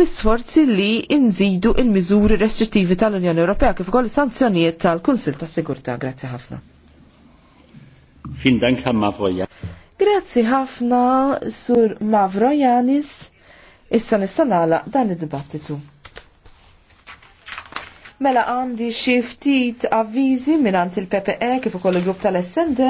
fl-isforzi li inżidu il-miżuri restrittivi tal-Unjoni Ewropea kif ukoll sanzjonijiet tal kunsill tas-Sigurtà. Grazzi ħafna. Fin dank Grazzi ħafna sur Mavrojanis. Issa nista' nagħlaq dan id-dibattitu. Mela għandi xi ftit avviżi mingħand il-PPE kif ukoll il-grupp tal-SND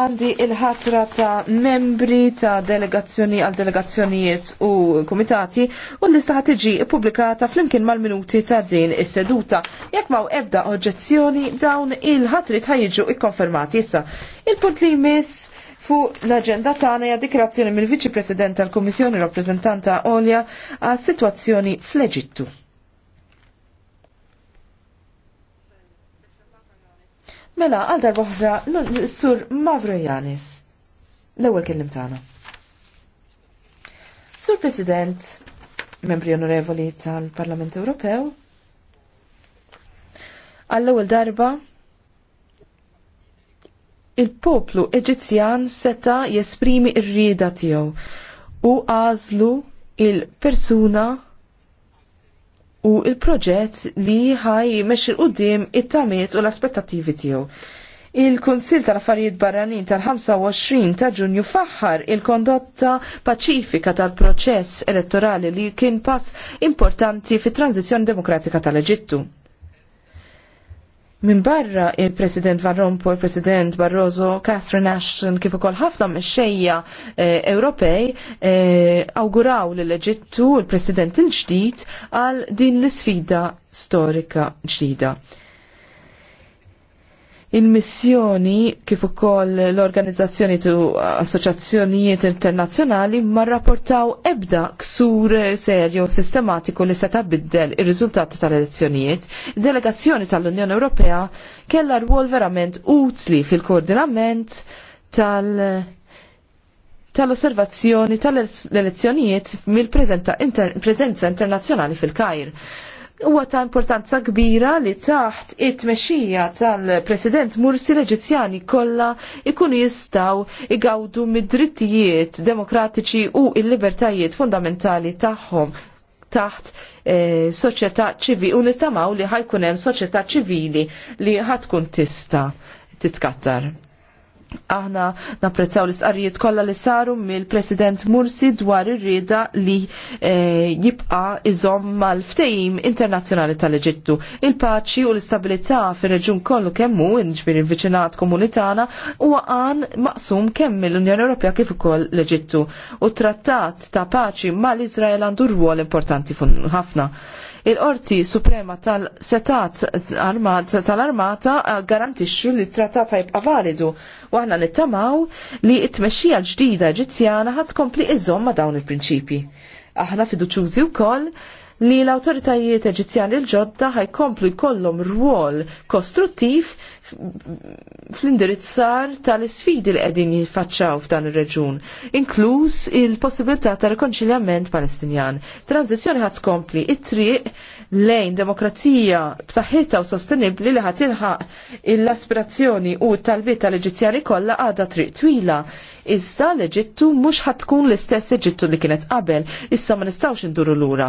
għandi il-ħatra ta' membri ta' delegazzjoni għal delegazzjonijiet u komitati u l-lista tiġi publikata flimkien mal-minuti ta' din is-seduta. Jekk ma' ebda oġġezzjoni dawn il-ħatri ta' jiġu ikkonfermati issa. Il-punt li jmiss fuq l-agenda tagħna hija dikrazzjoni mill-Viċi President tal-Kummissjoni Rappresentanta Olja għas-sitwazzjoni fl-Eġittu. Mela, għal boħra, sur Mavro Janis, l-ewel kellim tagħna. Sur President, membri onorevoli tal-Parlament Ewropew, għall-ewel darba, il-poplu Eġizzjan seta jesprimi r-rida tiegħu u għażlu il-persuna u il-proġett li ħaj meċi il qoddim it-tamiet u l-aspettativi tiegħu. Il-Kunsil tal-Affarijiet Barranin tal-25 ta' Ġunju faħħar il-kondotta paċifika tal-proċess elettorali li kien pass importanti fit-tranzizjoni demokratika tal-Eġittu. Min barra il-President Van Rompuy, il-President Barroso, Catherine Ashton, kif ukoll ħafna mexxejja eh, Ewropej eh, awguraw l eġittu il-President il-ġdid għal din l-isfida storika ġdida il-missjoni kif ukoll l-organizzazzjoni tu assoċjazzjonijiet internazzjonali ma rrapportaw ebda ksur serju sistematiku li seta' biddel ir-riżultati tal-elezzjonijiet. Delegazzjoni tal-Unjoni Ewropea kellha rwol verament utli fil-koordinament tal- tal-osservazzjoni tal-elezzjonijiet mill-preżenza internazzjonali fil-Kajr huwa ta' importanza kbira li taħt it-tmexxija tal-President Mursi l-Eġizzjani kollha ikunu jistgħu igawdu mid-drittijiet demokratiċi u l-libertajiet fundamentali tagħhom taħt e, soċjetà ċivili u nistamaw li ħajkun hemm soċjetà ċivili li ħatkun tista' titkattar. Aħna napprezzaw l-isqarrijiet kollha li saru mill-President Mursi dwar ir-rieda li eh, jibqa' iżomm mal-ftehim internazzjonali tal-Eġittu. Il-paċi u l-istabilità fir-reġjun kollu kemm hu inġbir il-viċinat komunitana huwa għan maqsum kemm mill-Unjoni Ewropea kif ukoll l-Eġittu. U trattat ta' paċi mal-Iżrael għandu rwol importanti ħafna. Il-Qorti Suprema tal-Setat tal-Armata eh, garantixxu li t-trattat jibqa' validu u aħna nittamaw li t-tmexxija l-ġdida Eġizzjana ħadd kompli iżomm ma' dawn il-prinċipji. Aħna fiduċjużi wkoll li l-autoritajiet eġizzjani l-ġodda ħajkomplu jkollhom rwol kostruttiv fl-indirizzar tal-isfidi li qegħdin jiffaċċaw f'dan ir-reġun, inkluż il-possibilità ta' rikonċiljament Palestinjan. Tranzizzjoni ħadd tkompli it-triq lejn demokrazija b'saħħitha u sostenibbli li ħadd ilħaq l-aspirazzjoni u tal-bit tal-Eġizzjani kollha għadha triq twila. Iżda l-Eġittu mhux ħadd tkun l-istess Eġittu li kienet qabel, issa ma nistgħux induru lura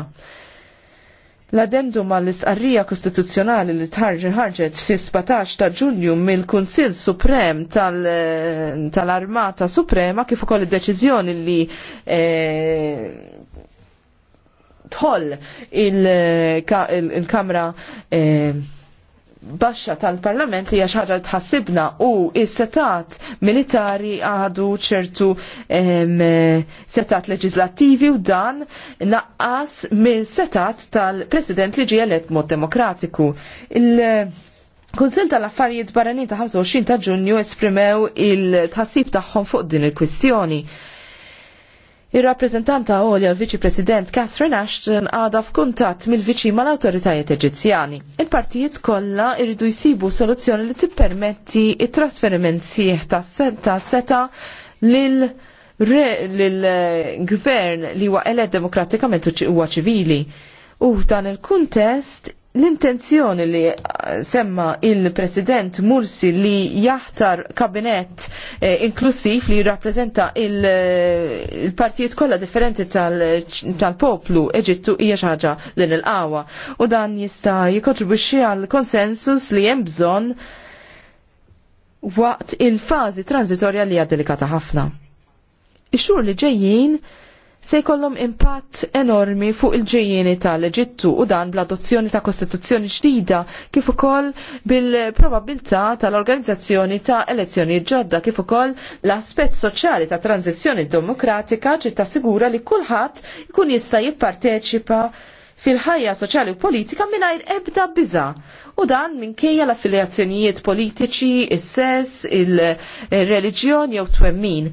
L-addendum għall-istqarrija kostituzzjonali li tħarġet fi 17 ta' ġunju mill-Kunsill Suprem tal-Armata tal Suprema kif ukoll id-deċiżjoni li eh, tħoll il-Kamra il e, il baxxa tal-parlament hija xi ħaġa tħassibna u s-setat militari għadu ċertu setat leġislattivi u dan naqqas minn setat tal-President li ġie elett mod demokratiku. Il- Kunsil tal-affarijiet barranin ta' 25 ta' ġunju esprimew il-tħassib tagħhom fuq din il-kwistjoni. il il kwistjoni Ir-rappreżentanta għolja l-Viċi President Catherine Ashton għada f'kuntatt mill-Viċi mal awtoritajiet Eġizzjani. Il-partijiet kollha jridu jsibu soluzzjoni li tippermetti it-trasferiment sieħ ta' seta seta lil lil-gvern eh, li huwa eled demokratikament u ċivili. U dan il-kuntest L-intenzjoni li eh, semma il-President Mursi li jaħtar kabinett eh, inklusiv li jirrappreżenta eh, il-partijiet il kollha differenti tal-poplu tal Eġittu hija xi ħaġa li il-qawa u dan jista' jikkontribwixxi għal konsensus li hemm bżonn waqt il-fażi transitorja li hija delikata ħafna. Ix-xhur li ġejjin se jkollhom impatt enormi fuq il-ġejjieni tal-Eġittu u dan bl-adozzjoni ta' kostituzzjoni ġdida kif ukoll bil-probabilità tal-organizzazzjoni ta' elezzjoni ġodda kif ukoll l-aspett soċjali ta' tranzizzjoni demokratika ġiet tassigura li kulħadd ikun jista' jipparteċipa fil-ħajja soċjali u politika mingħajr ebda biża' u dan minkejja l-affiljazzjonijiet politiċi, is-sess, il-reliġjon jew twemmin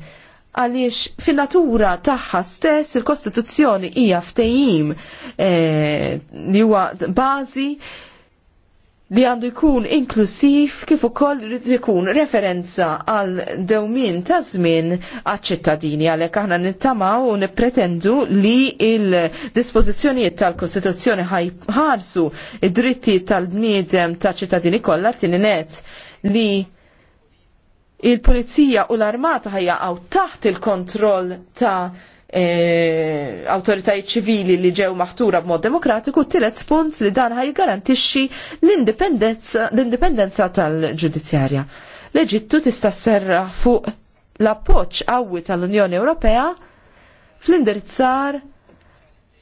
għaliex fin-natura tagħha stess il-Kostituzzjoni hija ftejim li eh, li huwa bażi li għandu jkun inklusiv kif ukoll irid ikun referenza għal dewmien ta' żmien għaċ-ċittadini għalhekk aħna nittamaw u nippretendu li il-dispożizzjonijiet tal-Kostituzzjoni ħarsu id-dritti tal-bniedem ta' ċittadini kollha tieni net li il-polizija u l-armata ħajjaqgħu taħt il-kontroll ta' e, autoritajiet ċivili li ġew maħtura b'mod demokratiku, tillet punt li dan ħaj garantixxi l-indipendenza tal-ġudizzjarja. L-Eġittu tista' serra fuq l appoċ qawwi tal-Unjoni Ewropea fl-indirizzar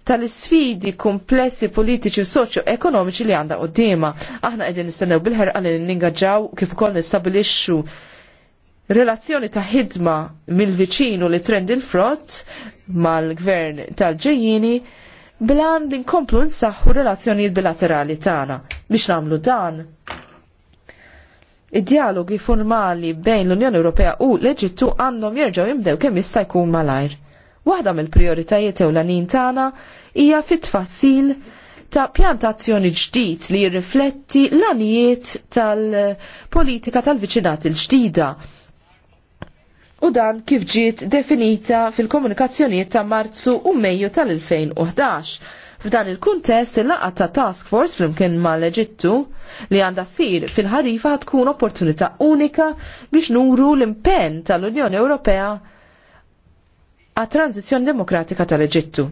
tal-sfidi komplessi politiċi u soċju ekonomiċi li għandha qoddima. Aħna qegħdin nistennew bil-ħerqa li ningaġġaw kif ukoll nistabilixxu relazzjoni ta' ħidma mill-viċinu li trend il-frott mal-gvern tal-ġejjini blan li nkomplu nsaħħu relazzjonijiet bilaterali tagħna biex nagħmlu dan. Id-dialogi formali bejn l-Unjoni Ewropea u l-Eġittu għandhom jerġgħu jimdew kemm jista' jkun malajr. Waħda mill-prijoritajiet ewlenin tagħna hija fit-tfassil ta' pjantazzjoni ġdid li jirrifletti l-anijiet tal-politika tal-viċinat il-ġdida u dan kif ġiet definita fil-komunikazzjonijiet ta' Marzu u Mejju tal-2011. F'dan il-kuntest il-laqgħa ta' Task Force flimkien mal-Eġittu li għandha ssir fil-ħarifa tkun opportunità unika biex nuru l-impenn tal-Unjoni Ewropea għat tranzizjoni demokratika tal-Eġittu.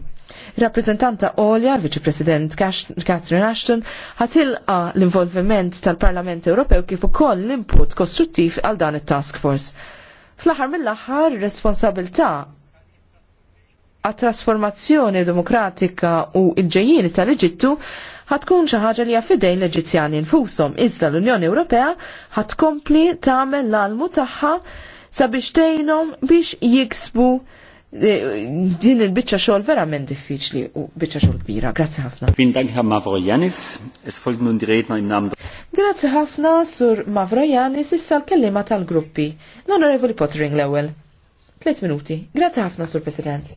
Rappresentanta Olja, viċi President Catherine Ashton, ħatilqa l-involviment tal-Parlament Ewropew kif ukoll l-input kostruttiv għal dan it-task force fl-aħħar mill-aħħar responsabilità għat-trasformazzjoni demokratika u il-ġejjini tal-Eġittu ħatkun xi ħaġa li jaffidejn l-Eġizzjani nfushom, iżda l-Unjoni Ewropea ħatkompli tagħmel l-almu tagħha sabiex tgħinhom biex jiksbu din il-bicċa xogħol verament diffiċli u bicċa xogħol kbira. Grazzi ħafna. Fin Dank Mavrojanis. Es folgt nun die Redner Grazzi ħafna Sur Mavrojanis issa l-kellima tal-gruppi. L-Onorevoli Pottering l-ewwel. Tliet minuti. Grazzi ħafna Sur President.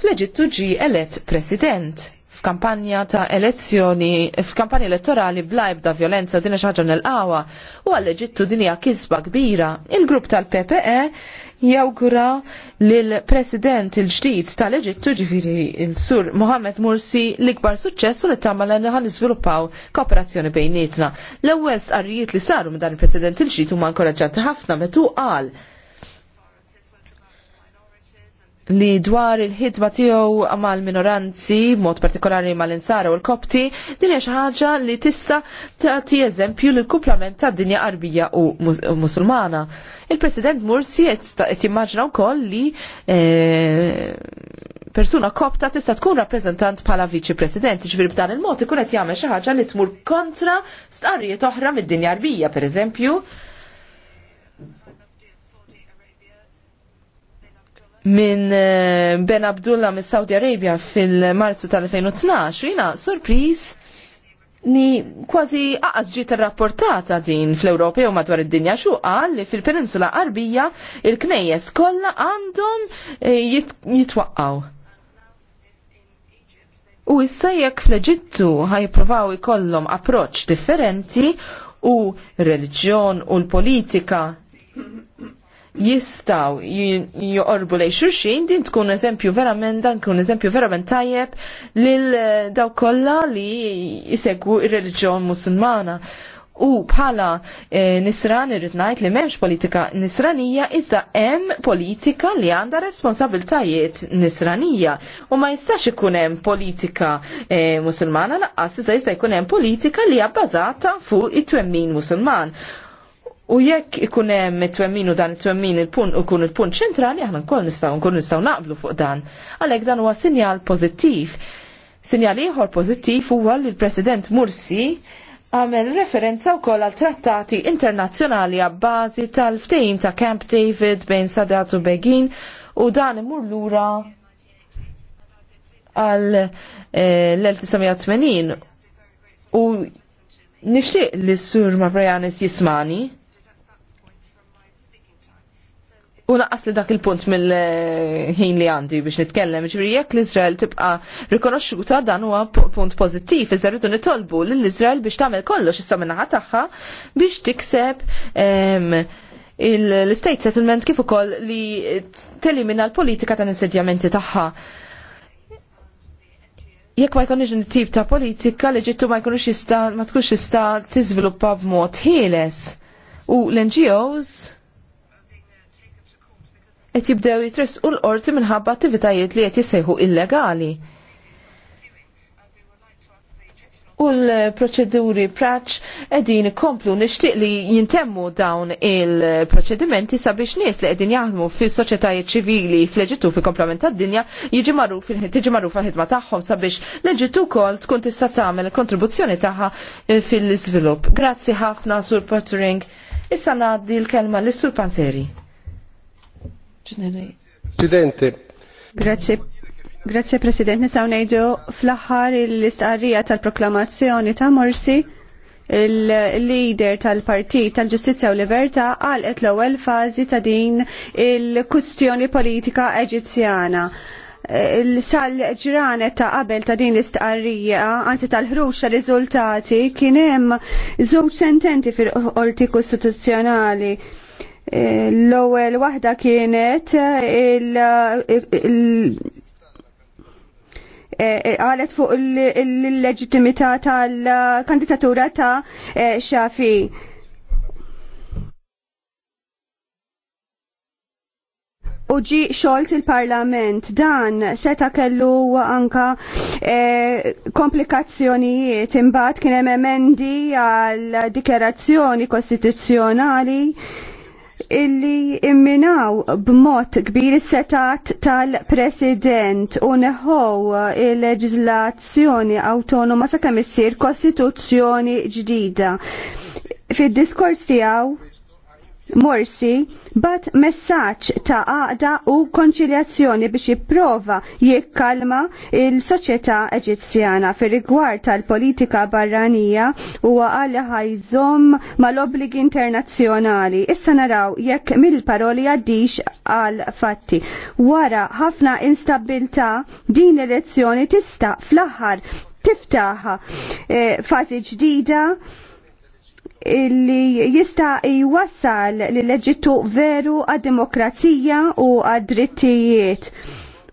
Fleġittu ġi elett President f'kampanja ta' elezzjoni, f'kampanja elettorali blajbda violenza din xaġa nil-qawa u għall-Eġittu din hija kisba kbira. Il-grupp tal-PPE jawgura lill-President il-ġdid tal-Eġittu ġifiri il-Sur Mohamed Mursi l-ikbar u li tagħmel li ħan iżviluppaw kooperazzjoni bejnietna. L-ewwel arrijiet li saru minn dan il-President il-ġdid huma nkoraġġanti ħafna metu qal li dwar il-ħidma tiegħu mal-minoranzi, mod partikolari mal-insara u l-kopti, din hija xi ħaġa li tista' tagħti eżempju lil kumplament tad-dinja qarbija u musulmana. Il-President Mursi qed jimmaġna wkoll li eh, persuna kopta tista' tkun rappreżentant bħala viċi president, ġifieri b'dan il-mod ikun qed jagħmel xi ħaġa li tmur kontra stqarrijiet oħra mid-dinja qarbija, pereżempju. minn eh, Ben Abdullah mis saudi Arabia fil-Marzu tal-2012. Jina surpriz li kważi aqas ġiet rapportata din fl-Ewropa jew madwar id-dinja qal li fil-Peninsula Arbija il-knejjes kollha għandhom eh, jitwaqqaw. U issa jekk fl-Eġittu ħajpruvaw ikollhom approċċ differenti u reliġjon u l-politika jistaw joqorbu lej xurxin, din tkun eżempju verament, dan tkun eżempju verament tajjeb lil eh, daw kollha li jisegwu ir-reliġjon musulmana. U bħala e, nisran ngħid li m'hemmx politika nisranija iżda hemm politika li għandha responsabiltajiet nisranija u ma jistax ikun hemm politika e, musulmana laqqas iżda jista' jkun hemm politika li hija bbażata fuq it-twemmin musulman. U jekk ikun hemm it-twemmin u dan it-twemmin il-punt u kun il-punt ċentrali aħna nkoll nistgħu nkun nistgħu naqblu fuq dan. Għalhekk dan huwa sinjal pożittiv. Sinjal ieħor pożittiv huwa li l-President Mursi għamel referenza u koll għal trattati internazzjonali għabbażi tal-ftejim ta' Camp David bejn Sadat u Begin u dan imur lura għal eh, l-1980 u nixtieq li s-sur Mavrajanis jismani U naqqas li dak il-punt mill-ħin li għandi biex nitkellem, ġviri jekk l-Izrael tibqa rikonoxxuta dan huwa punt pozittiv, iżda rridu nitolbu l-Izrael biex tagħmel kollox issa minnaħa tagħha biex tikseb l-state settlement kif ukoll li telimina l-politika ta' insedjamenti tagħha. Jekk ma jkunx tip ta' politika li ġittu ma jkunx jista' ma tkunx jista' tiżviluppa b'mod ħieles. U l-NGOs qed jibdew jitresqu l-qorti minħabba attivitajiet li qed jissejħu illegali. U l-proċeduri praċ edin komplu nishtiq li jintemmu dawn il-proċedimenti sabiex nies li edin jaħdmu fi soċetajiet ċivili fl-Eġittu fi komplement tad-dinja jiġi marruf tiġi marruf ħidma tagħhom sabiex l-Eġittu kol tkun tista' tagħmel kontribuzzjoni tagħha fil-iżvilupp. Grazzi ħafna Sur Pottering. Issa ngħaddi l-kelma lis-Sur Panzeri. Presidente. Grazie. Grazie President, nisaw nejdu fl ħar l-istqarrija tal-proklamazzjoni ta' Morsi il-leader tal-partit tal-ġustizja u libertà għalqet l-ewwel fażi ta' din il-kustjoni politika eġizzjana. Sal-ġranet ta' qabel ta' din l-istqarrija, anzi tal-ħruġ ta' riżultati, kien hemm żewġ sententi fil-qorti kostituzzjonali L-ewwel waħda kienet il- għalet fuq il-leġitimità tal-kandidatura ta' Xafi. uġi xolt il-parlament dan seta kellu anka e, komplikazzjonijiet imbagħad kien emendi għal dikerazzjoni kostituzzjonali illi imminaw b'mod kbir is-setat tal-President u neħow il-leġizlazzjoni autonoma sakemm issir kostituzzjoni ġdida. Fid-diskors tiegħu Morsi bat messaċ ta' għaqda u konċiljazzjoni biex jipprova jikkalma il-soċjetà Eġizzjana fir rigward tal-politika barranija u għal ħajżom mal-obligi internazzjonali. Issa naraw jekk mill-paroli għaddix għal fatti. Wara ħafna instabilta din elezzjoni tista' fl-aħħar tiftaħ eh, fażi ġdida Illi jista' jwassal li leġittu veru għad-demokrazija u għad-drittijiet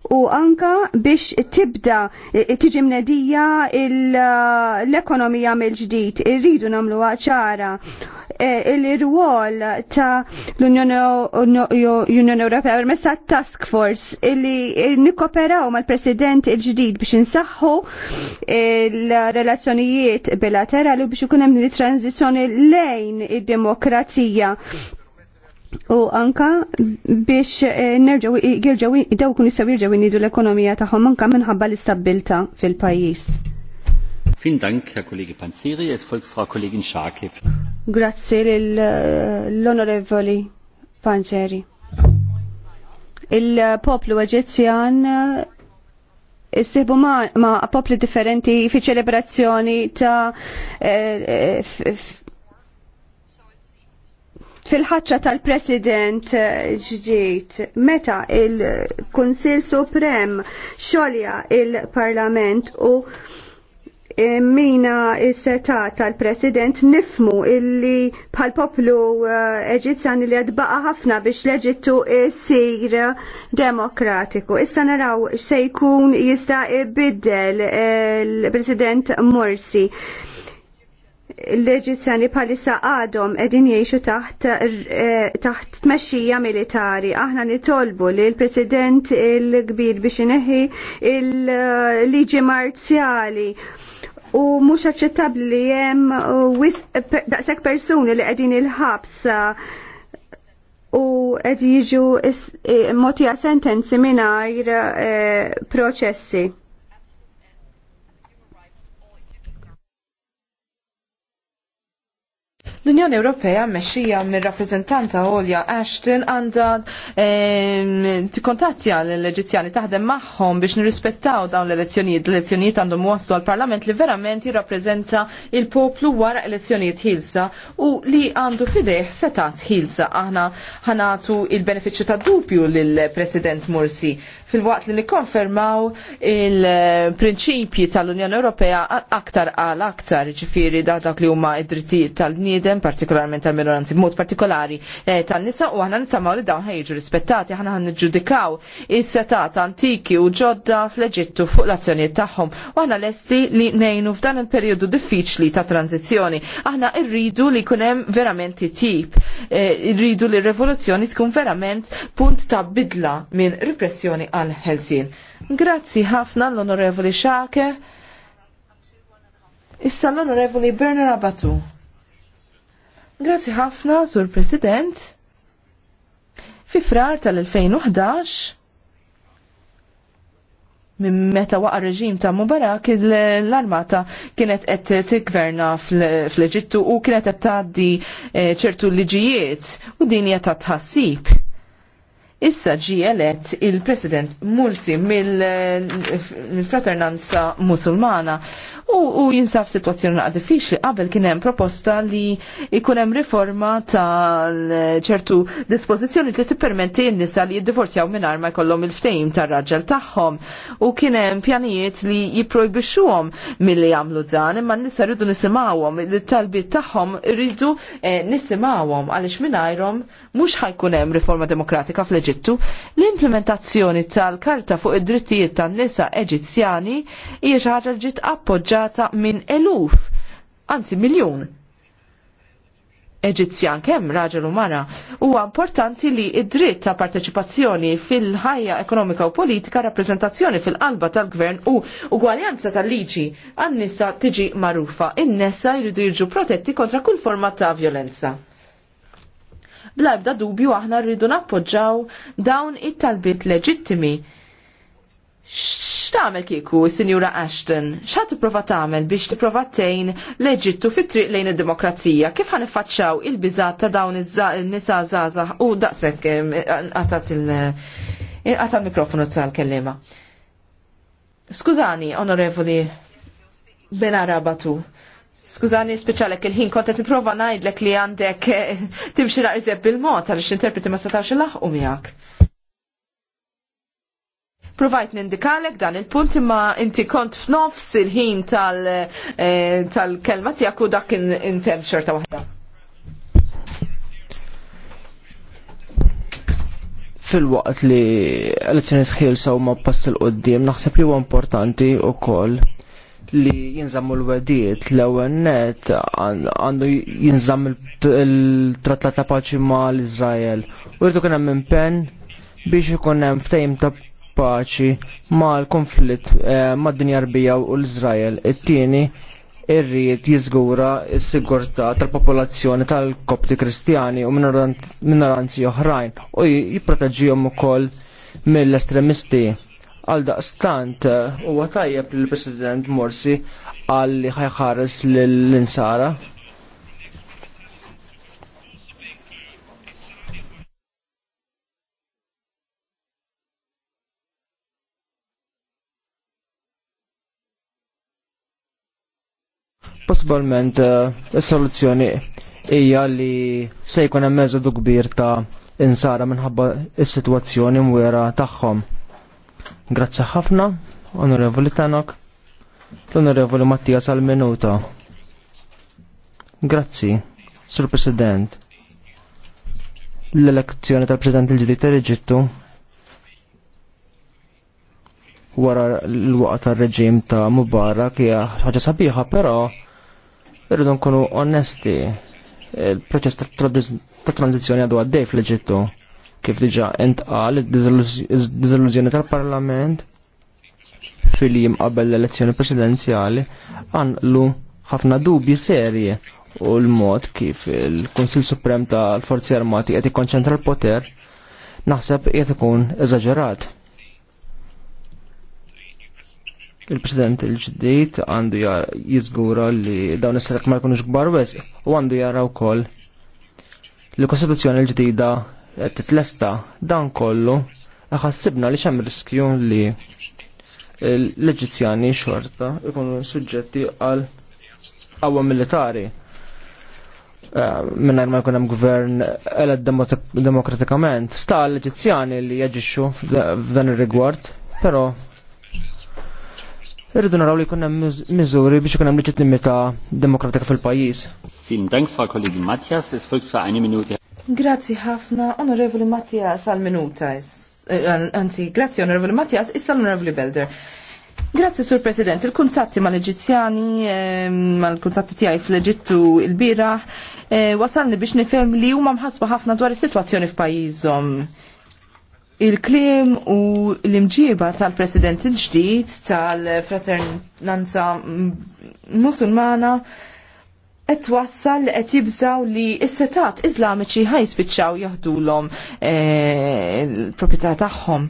u anka biex tibda e, e, tiġi mnedija uh, l-ekonomija mill-ġdid. Irridu namlu ċara e, il-rwol ta' l-Unjoni Ewropea permessa ta' task force illi nikkoperaw mal-President il-ġdid biex insaħħu il-relazzjonijiet bilaterali u biex ikun hemm transizjoni lejn id-demokrazija u anka biex eh, nerġaw jirġaw daw kun jistaw jirġaw nidu l-ekonomija tagħhom anka minħabba l-istabilta fil-pajjiż. Fin Dank, Herr Kollege Es folk fra Kollegin Xakif. Grazie eh, l-Onorevoli Panzeri. Il-poplu Eġizzjan eh, issibu ma, ma popli differenti fi ċelebrazzjoni ta' fil ħatċa tal-President eh, ġdijt, meta il konsil Suprem xolja il-Parlament u eh, mina il seta tal-President nifmu illi pal poplu eh, Eġizzjan li għadbaqa ħafna biex leġittu sir demokratiku. Issa naraw xsejkun jkun jista' ibiddel il-President Morsi l-Eġizzjani palissa għadhom edin jiexu taħt eh, taħt tmexxija militari. Aħna nitolbu li l-President il-kbir biex ineħi il-liġi marzjali u mhux aċċettabbli li hemm daqshekk persuni li qegħdin il-ħabs u qed jiġu eh, motija sentenzi mingħajr eh, proċessi. L-Unjoni Ewropea mmexxija mir-rappreżentanta Olja Ashton għandha ehm, tikkontattja l-Eġizzjani taħdem magħhom biex nirrispettaw dawn l-elezzjonijiet. L-elezzjonijiet għandhom waslu għall-Parlament li verament jirrappreżenta il-poplu wara elezzjonijiet ħilsa u li għandu fideħ setat ħilsa. Aħna ħanatu il-benefiċċju ta' dubju lill-President Mursi fil-waqt li nikkonfermaw il-prinċipji tal-Unjoni Ewropea aktar għal aktar ġifiri da dak li huma id-drittijiet tal-bniedem jitkellem partikolarment tal-minoranzi b'mod partikolari eh, tan-nisa u aħna nittamaw li dawn ħejġu rispettati aħna ħan niġġudikaw is-setat antiki u ġodda fl-Eġittu fuq l-azzjonijiet tagħhom u aħna lesti li ngħinu f'dan il-perjodu diffiċli ta' tranzizzjoni. Aħna rridu li jkun hemm verament tip, eh, rridu li r-revoluzzjoni tkun verament punt ta' bidla minn repressjoni għal ħelsien. Grazzi ħafna l-Onorevoli Xake. Issa l-Onorevoli Berner Abatu. Grazzi ħafna, Sur President. Fi frar tal-2011, minn meta waqa reġim ta' Mubarak l-armata kienet qed tikverna fl-Eġittu u kienet qed tgħaddi eh, ċertu liġijiet u din hija ta' tħassib Issa ġi elett il-President Mursi mill-Fraternanza Musulmana u, u jinsaf situazzjoni għad diffiċli qabel kien hemm proposta li jkun hemm riforma tal-ċertu dispozizjoni li tippermetti n-nisa li jiddivorzjaw mingħajr ma jkollhom il ftejm tar-raġel tagħhom u kien hemm pjanijiet li jipprojbixxuhom milli jagħmlu dan imma n-nisa rridu nisimgħuhom il-talbiet tagħhom rridu eh, nisimgħuhom għaliex mingħajrhom mhux ħajkun hemm riforma demokratika fl eġittu l-implementazzjoni tal-Karta fuq id-drittijiet tan-nisa Eġizzjani hija xi ħaġa ġiet appoġġjata minn eluf, anzi miljun Eġizzjan kemm raġel u mara. Huwa importanti li id-dritt ta' parteċipazzjoni fil-ħajja ekonomika u politika, rappreżentazzjoni fil-qalba tal-gvern u ugwaljanza tal-liġi għan-nisa tiġi marufa. In-nessa jridu jiġu protetti kontra kull forma ta' violenza bla ebda dubju aħna rridu nappoġġaw dawn it-talbiet leġittimi. X'tagħmel kieku, Sinjura Ashton? X'ħad tipprova tagħmel biex tipprova tgħin leġittu fit-triq lejn id-demokrazija? Kif ħanifaċċaw il-biżat ta' dawn in-nisa żgħażagħ u daqshekk qatat il-mikrofonu tal-kellima. Skużani, onorevoli Benara Batu. Skużani speċjalek il-ħin kontet niprofa ngħidlek li għandek eh, timxi raqżeb bil-mod għaliex interpreti ma setax ilaħqu miegħek. Provajt nindikalek dan il-punt imma inti kont f'nofs il-ħin eh, tal-kelma tiegħek u dak intem xorta waħda. Fil-waqt li elezzjoniet tħilsa u ma pass il-qoddim naħseb li huwa importanti u koll li jinżammu l-wedijiet l-ewwel net għandu jinżamm il-trattat ta' paċi ma' l-Iżrael. U rridu kien hemm impenn biex ikun hemm ftehim ta' paċi ma' l-konflitt eh, mad dinja rbija u l-Iżrael. It-tieni irrid jiżgura s-sigurtà tal-popolazzjoni tal-Kopti Kristjani u minoranzi oħrajn u jipproteġihom ukoll mill-estremisti. Għal daqstant eh, huwa tajjeb li l-President Morsi għal li ħajħares l-insara. Possibilment eh, is-soluzzjoni hija li se jkun hemm meżodu kbir ta' insara minħabba is-sitwazzjoni mwera tagħhom. Grazzi ħafna, Onorevoli Tanok, l-Onorevoli Mattia Salmenuto. Grazzi, Sur President. L-elezzjoni tal-President il-ġdid tal-Eġittu wara l-waqt tal-reġim ta' Mubarak hija ħaġa sabiħa, però irridu nkunu onesti. Il-proċess ta' tranzizzjoni għadu għaddej fl-Eġittu Kif diġa entqal id-diżillużjoni tal-Parlament fil qabel l-elezzjoni presidenzjali għandlu ħafna dubji serje u l-mod kif il-Konsil Suprem tal-Forzi Armati qed ikkonċentra l-poter naħseb qed ikun eżaġerat il-President il-ġdijt għandu jizgura li dawn is-sarak ma jkunux gbar wesq u għandu jara wkoll li kostituzzjoni l-ġdida titlesta dan kollu ħassibna li xem riskju li l-Eġizjani xorta ikunu suġġetti għal għawa militari eh, minnar ma jkun hemm gvern eled demokratikament. Sta l-Eġizjani li jaġixxu f'dan ir-rigward, però irridu naraw li jkun hemm miżuri biex ikun hemm leġittimità demokratika fil-pajjiż. Vielen Dank, Frau Kollegin Matjas. Es folgt für eine Minute Grazzi ħafna, Onorevoli Mattias, għal-minuta. Eh, anzi, grazzi Onorevoli Mattias, issa l-Onorevoli Belder. Grazzi, Sur President. Il-kuntatti mal-Eġizzjani, ehm, mal-kuntatti tiegħi fl-Eġittu il-bira, eh, wasalni biex nifhem li huma mħasba ħafna dwar is-sitwazzjoni f'pajjiżhom. Il-klim u l-imġiba tal-President il-ġdid tal-Fraternanza Musulmana qed wassal qed jibżaw li s-setat iżlamiċi ħajspiċċaw jaħdulhom eh, l-proprjetà tagħhom.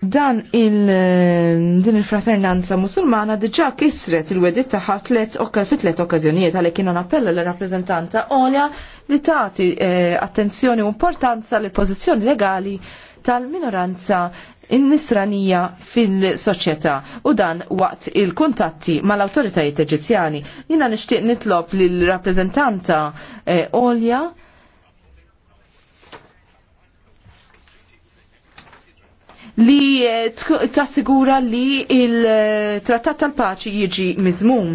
Dan il eh, din il-fraternanza musulmana diġà kisret il-wedit tagħha tliet okka fi tliet okkażjonijiet għalhekk kienu appella l-rappreżentanta Olja li tagħti eh, attenzjoni u importanza l pożizzjoni legali tal-minoranza in-nisranija fil-soċjetà u dan waqt il-kuntatti mal-awtoritajiet Eġizzjani. Jina nixtieq nitlob lill rappreżentanta eh, Olja li eh, tassigura li il-trattat tal-paċi jiġi miżmum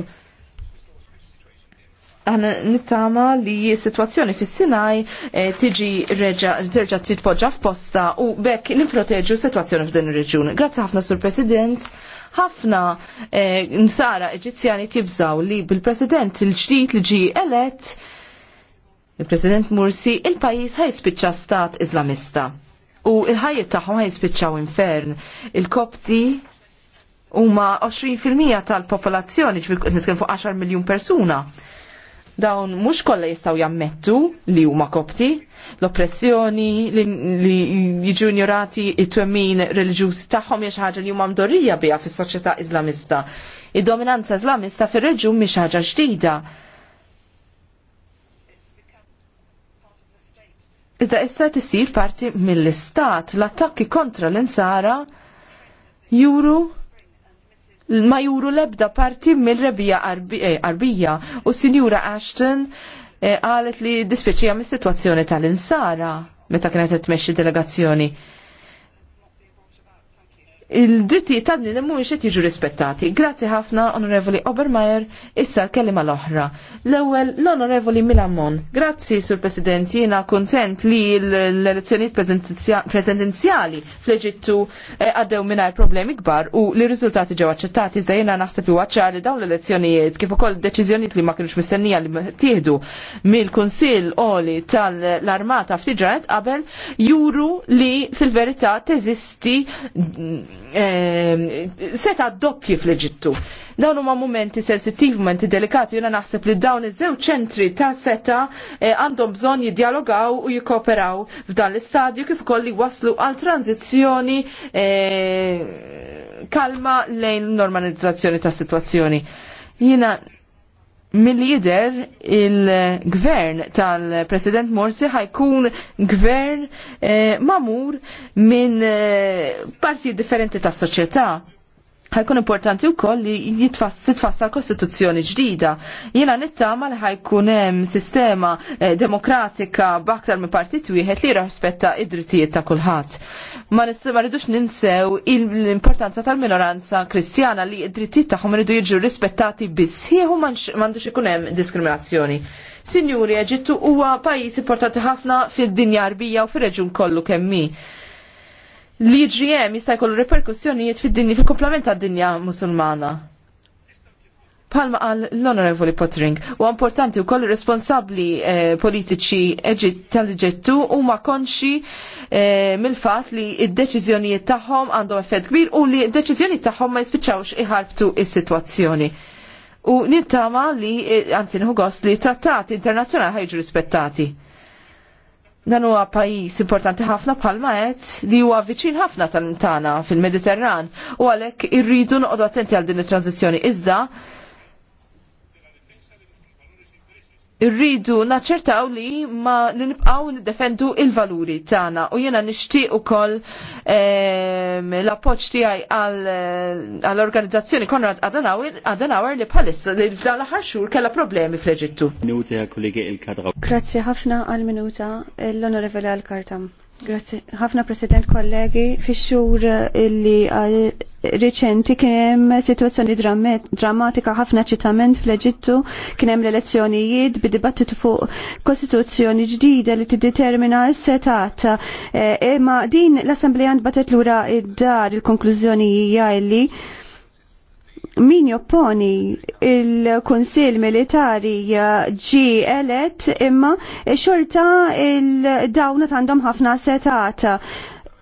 għana nittama li situazzjoni fis sinaj eh, tiġi terġa f f'posta u bekk nimproteġu situazzjoni f'din ir reġun Grazzi ħafna sur President. Ħafna eh, nsara Eġizzjani tibżaw li bil-President il-ġdid li ġi elett il-President Mursi il-pajis ħajspiċċa stat Islamista. U il-ħajiet tagħhom ħajspiċċaw infern. Il-Kopti huma 20% tal-popolazzjoni, ġbir fuq 10 miljun persuna dawn mhux kollha jistgħu jammettu li huma kopti, l-oppressjoni li jiġu injorati it-twemmin reliġjużi tagħhom hija xi ħaġa li huma mdorrija biha fis-soċjetà Iżlamista. Id-dominanza Iżlamista fir-reġjun mhix ħaġa ġdida. Iżda issa tisir parti mill-istat l-attakki kontra l-insara juru ma juru lebda parti mill-rebija qarbija eh, u sinjura Ashton eh, qalet li dispieċija mis-sitwazzjoni tal-insara meta kienet tmexxi delegazzjoni il-dritti tal li mhumiex qed jiġu rispettati. Grazzi ħafna, Onorevoli Obermeyer, issa l-kelima l-oħra. L-ewwel l-Onorevoli Milamon. Grazzi, Sur President, jiena kontent li l-elezzjonijiet prezidenzjali fl-Eġittu eh, għaddew mingħajr problemi kbar u li riżultati ġew aċċettati iżda jiena naħseb li waċċar li dawn l-elezzjonijiet kif ukoll deċiżjonijiet li ma kienux mistennija li tieħdu mill-Kunsill Oli tal-Armata f'tiġranet qabel juru li fil-verità teżisti Ehm, seta doppji fl-Eġittu. Dawn huma momenti sensittivi, momenti delikati, jiena naħseb li dawn iż-żewġ ċentri ta' seta eh, għandhom bżonn jiddialogaw u jikkooperaw f'dan l-istadju kif ukoll waslu għal tranzizzjoni eh, kalma lejn normalizzazzjoni ta' situazzjoni. Jiena mill-lider il-gvern tal-President Morsi ħajkun gvern eh, mamur minn eh, parti differenti tas-soċjetà ħajkun importanti wkoll li titfassal kostituzzjoni ġdida. Jiena nittama li ħajkun hemm sistema eh, demokratika b'aktar minn partit wieħed li jirrispetta id-drittijiet ta' kulħadd. Ma rridux ninsew l-importanza tal-minoranza kristjana li id-drittijiet tagħhom iridu jiġu rispettati biss ħieħu m'għandux ikun hemm diskriminazzjoni. Sinjuri, Eġittu huwa pajjiż importanti ħafna fid-dinja arbija u fir-reġun kollu kemm li ġriem jista' jkollu reperkussjonijiet fid-dinja fil-komplement tad-dinja musulmana. Palma għal l-Honorevoli Potring, u importanti u koll responsabli eh, politiċi tal-ġettu u ma konxi eh, mill-fat li id-deċizjonijiet tagħhom għandhom effett kbir u li id-deċizjonijiet tagħhom ma jispiċċawx iħarbtu is-sitwazzjoni. U nittama li, eh, anzi nħu gost li trattati internazzjonali ħajġu rispettati dan huwa pajjiż importanti ħafna bħalma qed li huwa viċin ħafna tal-tana fil-Mediterran u għalhekk irridu noqogħdu attenti għal din it-tranzizzjoni. Iżda rridu naċċertaw li ma li nibqaw nidefendu il-valuri tagħna u jiena nixtieq ukoll ehm, l-appoġġ tiegħi għall-organizzazzjoni Konrad Adenauer li bħalissa li f'dan l-aħħar xhur kellha problemi fl-Eġittu. Grazzi ħafna għal minuta l-Onorevole Al-Kartam. Grazie. Ħafna President kollegi, fix-xhur eh, illi eh, riċenti kien hemm sitwazzjoni drammatika ħafna ċitament fl-Eġittu, kien hemm l-elezzjonijiet bid-dibattitu fuq kostituzzjoni ġdida li tiddetermina s-setat. Imma eh, din l-Assembleja nbatet lura id-dar il-konklużjoni hija illi min jopponi il-Konsil Militari ġi elet imma xorta il dawna għandhom ħafna setata.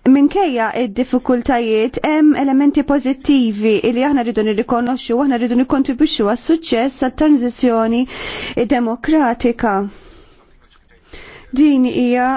Minkejja id-diffikultajiet hemm elementi pożittivi li aħna rridu nirrikonoxxu, aħna rridu nikkontribwixxu għas-suċċess għat-tranzizzjoni demokratika. Din hija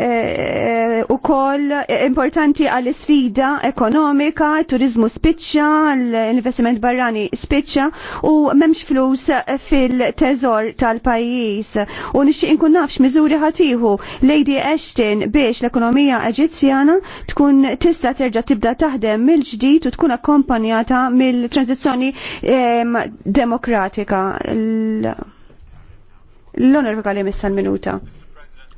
Eh, u koll importanti għall sfida ekonomika, turizmu spiċċa, l-investiment barrani spiċċa u memx flus fil-teżor tal-pajis. U nixtieq inkun nafx miżuri ħatiħu Lady Ashton biex l-ekonomija Eġizzjana tkun tista' terġa' tibda taħdem mill-ġdid u tkun akkompanjata mill-tranzizzjoni demokratika. L-onorevoli missa minuta.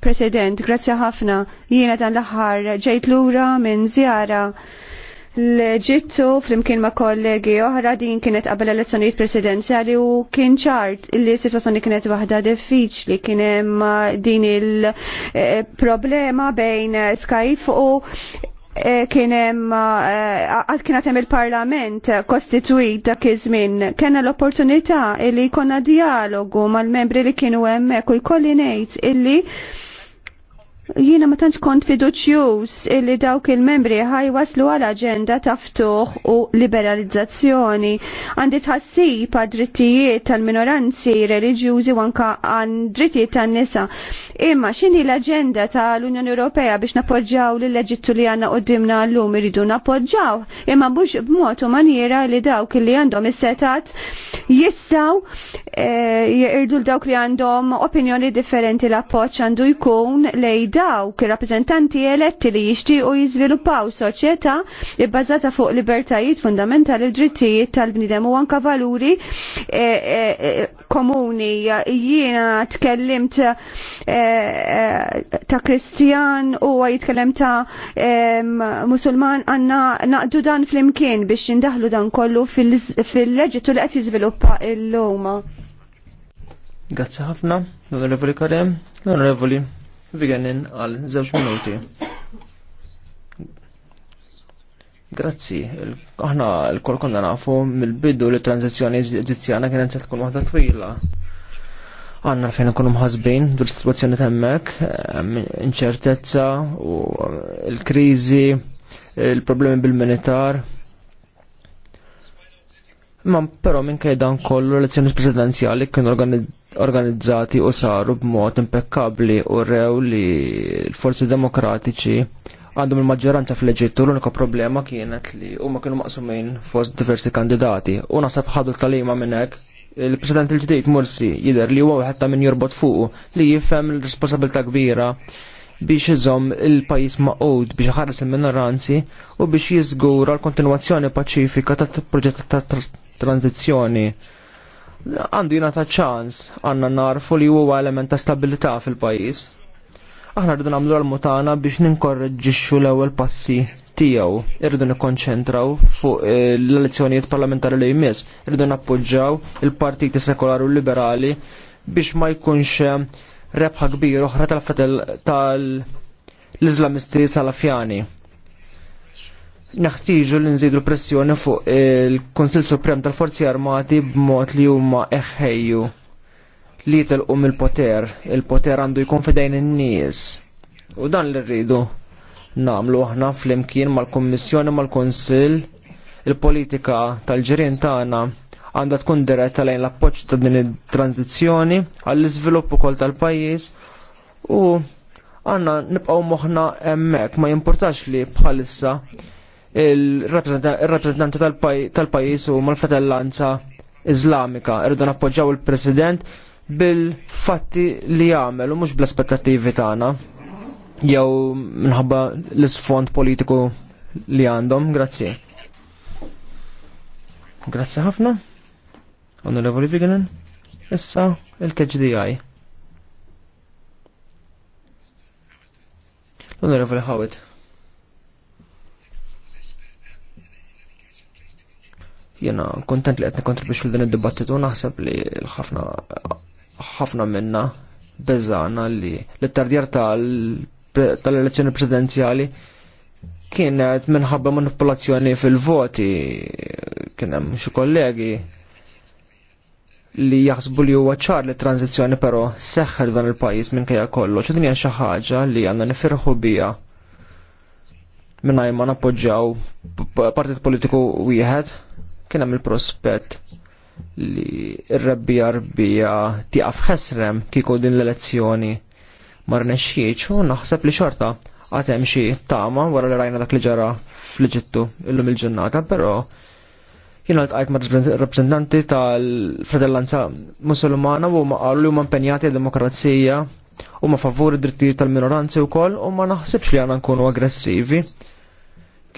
President, grazzi ħafna. Jiena dan l-aħħar ġejt lura minn zjara l-ġittu fl-imkien ma' kollegi oħra din kienet qabel elezzjonijiet presidenzjali u kien ċart li situazzjoni kienet waħda diffiċli kien hemm eh, din il-problema eh, bejn eh, Skype u kien hemm għad kien hemm il-Parlament kostituit dak iż-żmien kellna l-opportunità li jkollna dialogu mal-membri li kienu hemmhekk u jkolli ngħid illi Jiena ma tantx kont fiduċjuż li dawk il-membri ħaj waslu għal aġenda ta' ftuħ u liberalizzazzjoni. Għandi tħassib għad drittijiet tal-minoranzi reliġjużi u anka għan drittijiet tan-nisa. Imma x'inhi l-aġenda tal-Unjoni Ewropea biex napoġġaw l leġittu li għandna qudiemna llum iridu napoġġaw. Imma mhux b'mod u maniera li dawk li għandhom is-setat jissaw eh, jirdu l-dawk li għandhom opinjoni differenti l-appoġġ għandu jkun lejda dawk rappresentanti eletti li jixtiequ jiżviluppaw soċjetà bbażata fuq libertajiet fundamentali u drittijiet tal-bniedem u anka valuri eh, eh, eh, komuni. Jiena tkellimt ta' Kristjan u jitkellem ta' Musulman għanna naqdu dan fl-imkien biex jindaħlu dan kollu fil-leġitu li qed jiżviluppa l-luma. Grazzi ħafna, l-onorevoli Karem, l-onorevoli Vigenin għal żewġ minuti. Grazzi, aħna l-kol konna nafu mill-bidu li tranzizjoni ġudizzjana kienet se tkun waħda twila. Għanna fejn ikunu mħazbin dwar situazzjoni temmek, inċertezza u um, l-krizi, il-problemi bil-militar. Ma però minn kajdan kollu l-elezzjoni presidenziali kien organizzati organizzati u saru b'mod impekkabli u rew li l-forzi demokratiċi għandhom il-maġġoranza fl-Eġittu l-unika problema kienet li huma kienu maqsumin fost diversi kandidati u nasab ħadu l-talima minn hekk il-President il-ġdejt Mursi jider li huwa wieħed minn min jorbot fuqu li jifhem l-responsabilità kbira biex iżomm il-pajjiż maqud biex ħares il-minoranzi u biex jiżgura l-kontinwazzjoni paċifika ta' proġett ta' tranzizzjoni għandu jina ta' ċans għanna narfu li huwa element ta' stabilità fil-pajis. Aħna rridu nagħmlu l-mutana biex ninkorreġġixxu l-ewwel passi tiegħu. Irridu nikkonċentraw fuq eh, l-elezzjonijiet parlamentari li jmiss, irridu nappoġġaw il-partiti sekolari u liberali biex ma jkunx rebħa kbir oħra tal-fetel tal-Islamisti salafjani naħtiġu li nżidu pressjoni fuq il-Konsil Suprem tal-Forzi Armati b'mod li huma eħħejju li telqum il-poter, il-poter għandu jkun fidejn in-nies. U dan li rridu namlu aħna fl-imkien mal-Kommissjoni mal-Konsil il-politika tal-ġirien tagħna għandha tkun diretta lejn l-appoġġ ta' din it-tranzizzjoni għall-iżvilupp ukoll tal-pajjiż u għanna nibqgħu moħħna hemmhekk ma jimportax li bħalissa il-rappresentanti tal-pajis u mal-fratellanza Islamika. Irridu nappoġġaw il-President bil-fatti li jagħmel u mhux bl-aspettattivi tagħna jew minħabba l-isfond politiku li għandhom. Grazzi. Grazzi ħafna. Onorevoli Viganen. Issa il-KGDI. Onorevoli Howard. Jena kontent li qed nikkontribwix fil din id-dibattitu naħseb li ħafna ħafna minna beżana li l-tardjar tal-elezzjoni presidenzjali kienet minħabba manipolazzjoni fil-voti kien hemm xi kollegi li jaħsbu li huwa ċar li tranzizzjoni però seħħet dan il-pajjiż minkejja kollox u din hija xi ħaġa li għandna nifirħu biha mingħajr ma nappoġġjaw partit politiku wieħed kien hemm il-prospett li r-rebbija rbija tiqaf ħesrem kieku din l-elezzjoni ma rnexxiex u naħseb li xorta għad hemm xi tama wara li rajna dak li ġara fl-Eġittu illum il-ġurnata, però jien ltqajt ma' rappreżentanti tal-Fratellanza Musulmana u ma qalu li huma impenjati demokrazija u ma favur id-drittijiet tal-minoranzi wkoll u ma naħsibx li għandna nkunu aggressivi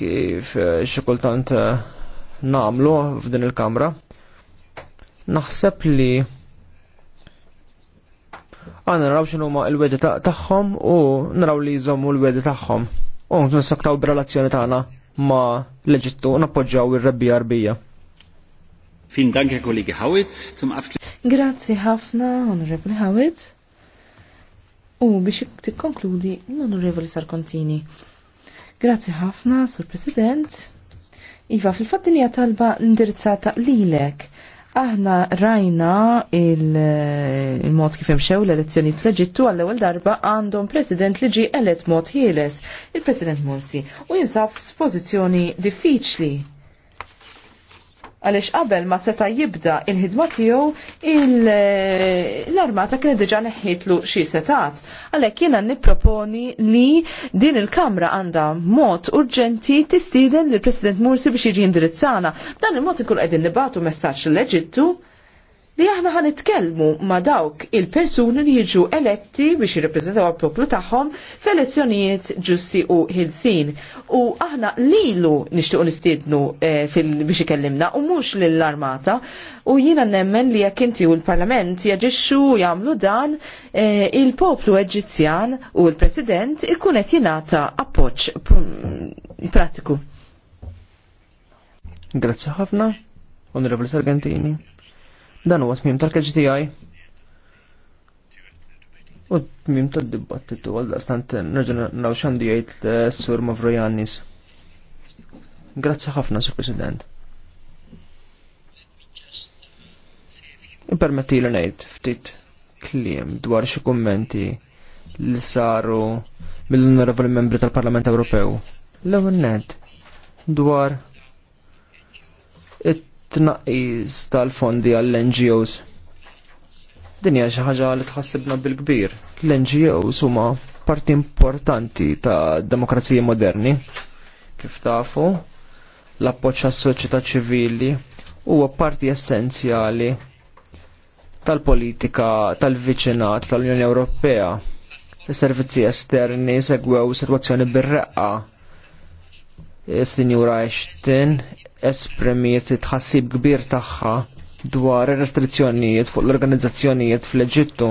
kif xikultant uh, eh, namlu f'din il-kamra. Naħseb li għana naraw xinu ma l-wedi taħħom u naraw li jżommu l-wedi taħħom. U nsaktaw b-relazzjoni taħna ma l u nappoġġaw il-rebbija arbija. Fin danke kollegi Hawit, zum Grazzi ħafna, onorevoli Hawit. U biex tikkonkludi l-onorevoli Sarkontini. Grazzi ħafna, Sur President. Iva, fil-fat dinja talba indirizzata lilek. Aħna rajna il-mod il kif imxew l-elezzjoni fl-Eġittu għall-ewwel darba għandhom president li ġie elet mod ħieles, il-President Mursi, u jinsab f'pożizzjoni diffiċli għalix qabel ma seta jibda il-ħidma tiegħu l-armata kien diġa neħħitlu xi setat. Għalhekk jiena nipproponi li din il-Kamra għandha mod urġenti tistieden lill president Mursi biex jiġi indirizzana. Dan il-mod ikun qegħdin nibatu messaġġ l-Eġittu li aħna ħan nitkellmu ma' dawk il-persuni li jiġu eletti biex jirrepreżentaw il-poplu tagħhom f'elezzjonijiet ġusti u ħilsin. U aħna lilu nixtiequ nistiednu eh, biex ikellimna u mhux lill-armata. U jiena nemmen li jekk inti u l-Parlament jaġixxu jagħmlu dan eh, il-poplu Eġizzjan u l-President ikun qed jingħata appoġġ pratiku. Grazzi ħafna, Onorevole Sargentini. Dan huwa tmim tal-KGTI. U tmim tal dibattitu għal stant nerġa' naw xandi jgħid sur Mavrojannis. Grazzi ħafna, Sur President. Ipermetti li ngħid ftit kliem dwar xi kummenti li saru mill-onorevoli membri tal-Parlament Ewropew. L-ewwel dwar tnaqqis tal-fondi għall-NGOs. Din hija xi ħaġa li tħassibna bil-kbir. L-NGOs huma parti importanti ta' demokrazija moderni. Kif tafu, l-appoċċ għas-soċjetà ċivili huwa parti essenzjali tal-politika tal-viċinat tal-Unjoni Ewropea. Is-servizzi esterni segwew sitwazzjoni bir-reqqa. E, Sinjura Ashton espremiet tħassib kbir tagħha dwar restrizzjonijiet fuq l-organizzazzjonijiet fl-Eġittu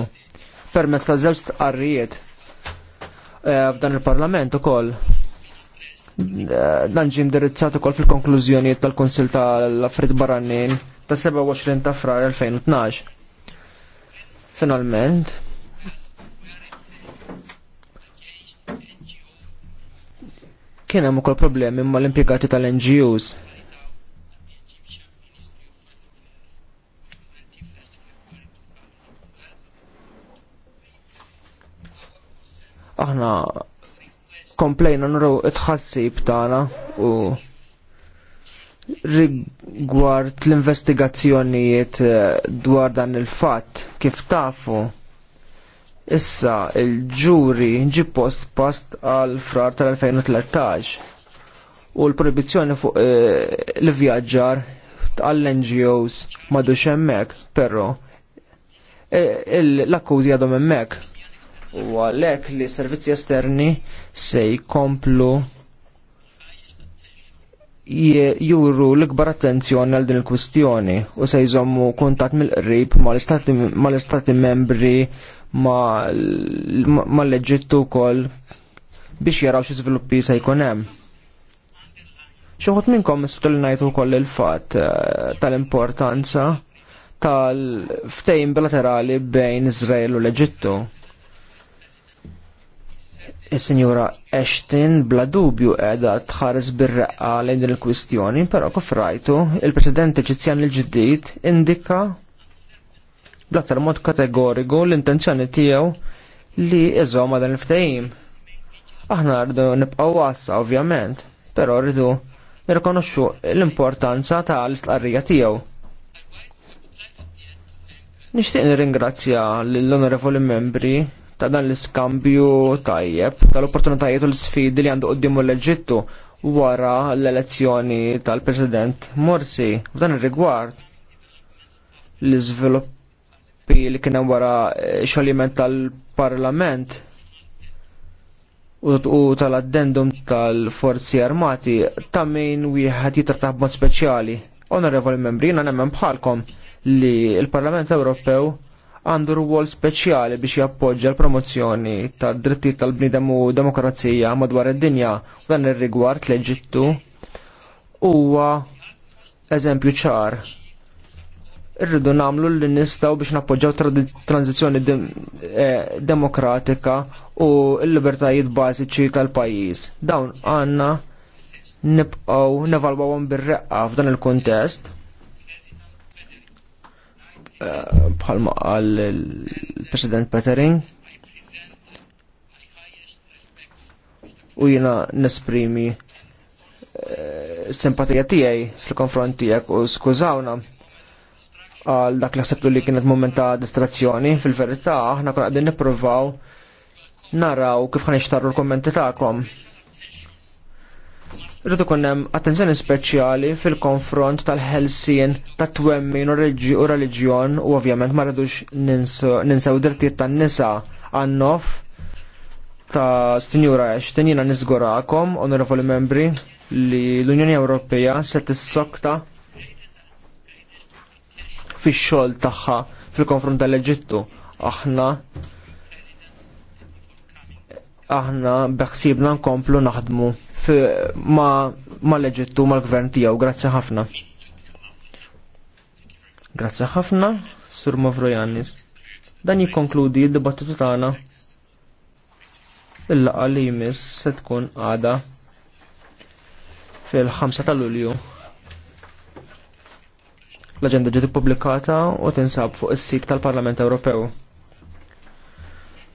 permezz ta' żewġ tqarrijiet eh, f'dan il-Parlament ukoll. Eh, dan ġie indirizzat ukoll fil-konklużjonijiet tal-Kunsil tal-Affarijiet Barranin ta' 27 ta' frar 2012. Finalment, kien hemm ukoll problemi mal-impjegati tal-NGOs aħna komplejna nru tħassib tagħna u rigward l-investigazzjonijiet eh, dwar dan il fat kif tafu issa il-ġuri ġi post past għal frar tal-2013 u l-proibizjoni fuq eh, l-vjaġġar għall-NGOs madu xemmek, pero eh, l-akkużi għadhom emmek u għalhekk li servizzi esterni se jkomplu juru l-ikbar attenzjoni għal din il-kwistjoni u se jżommu kuntat mill-qrib mal-istati membri mal-Eġittu wkoll biex jaraw xi żviluppi se jkun hemm. kom minnkom nistulinajtu koll il-fat eh, tal-importanza tal-ftejn bilaterali bejn Izrael u l-Eġittu. Signora Ashton bla dubju edha tħares bil reqqa lejn din il-kwistjoni, però kif rajtu il-President Eġizjan il-ġdid indika bl-aktar mod kategoriku l-intenzjoni tiegħu li iżomma dan il-ftehim. Aħna rridu nibqgħu wassa ovvjament, però rridu nirrikonoxxu l-importanza tal-istqarrija tiegħu. Nixtieq nirringrazzja lill-onorevoli membri ta' dan l-iskambju tajjeb tal-opportunitajiet u l-sfidi li għandu qoddimu l-Eġittu wara l-elezzjoni tal-President Morsi. F'dan ir-rigward l-iżviluppi li kien hemm wara eh, xogħliment tal-Parlament u tal-addendum tal-forzi armati ta' min wieħed jitrattaħ b'mod speċjali. Onorevoli membri, jiena nemmen bħalkom li l-Parlament Ewropew għandu rwol speċjali biex jappoġġa l-promozzjoni ta' drittijiet tal-bnidem u demokrazija madwar id-dinja u dan ir-rigward l-Eġittu huwa eżempju ċar. Irridu namlu li nistaw biex nappoġġaw tranzizjoni eh, demokratika u l-libertajiet bażiċi tal-pajjiż. Dawn għandna nibqgħu nevalwawhom bir-reqqa f'dan il-kuntest bħalma qal il-President Petering. U jiena nesprimi eh, simpatija tiegħi fil-konfront tiegħek u skużawna għal dak li ħsebtu li kienet momenta distrazzjoni, fil-verità aħna kuna għadin nippruvaw naraw kif iċtarru l-kommenti tagħkom. Rridu hemm attenzjoni speċjali fil-konfront tal-ħelsien tat twemmin u reliġjon u ovvjament ma rridux ninsew drittijiet tan-nisa għan-nof ta' Sinjura Ashton jiena niżgurakom, onorevoli membri, li l-Unjoni Ewropea se tissokta fix-xogħol tagħha fil-konfront tal-Eġittu. Aħna aħna beħsibna nkomplu naħdmu ma, ma leġittu ma l-gvern tijaw. Grazzi ħafna. Grazzi ħafna, Sur Mavrojanis. Dan jikkonkludi d-dibattitu tagħna. Il-laqa li jmiss se tkun għada fil-5 ta' Lulju. L-aġenda ġiet ippubblikata u tinsab fuq is-sit tal-Parlament Ewropew.